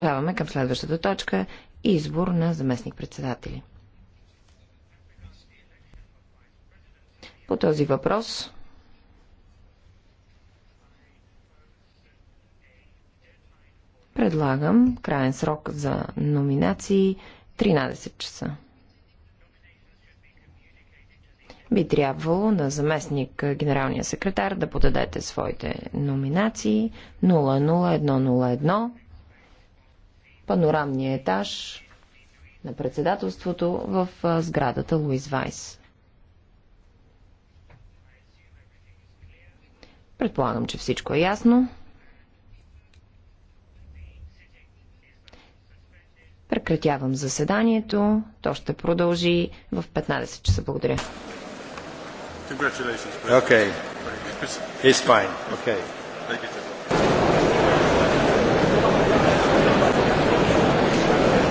Продължаваме към следващата точка – избор на заместник-председатели. По този въпрос предлагам крайен срок за номинации 13 часа. Би трябвало на заместник генералния секретар да подадете своите номинации 00101 панорамния етаж на председателството в сградата Луис Вайс. Предполагам, че всичко е ясно. Прекратявам заседанието. То ще продължи в 15 часа. Благодаря. Congratulations. Okay. It's fine. Okay. Thank you.